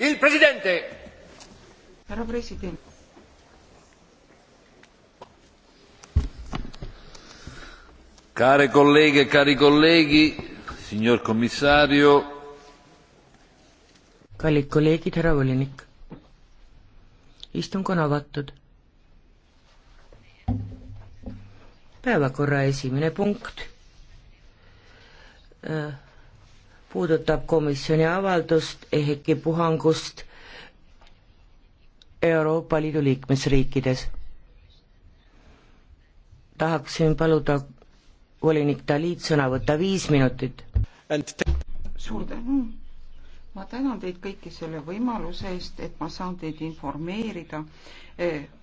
Il presidente. Härra president. Care colleghe e cari colleghi, signor commissario. kallid kolleegid, härra volinik. istung on avatud. päevakorra esimene punkt äh puudutab komisjoni avaldust EHEC-i puhangust Euroopa Liidu liikmesriikides. tahaksin paluda volinik Dalit sõna võtta viis minutit. suur tänu, ma tänan teid kõiki selle võimaluse eest, et ma saan teid informeerida eh,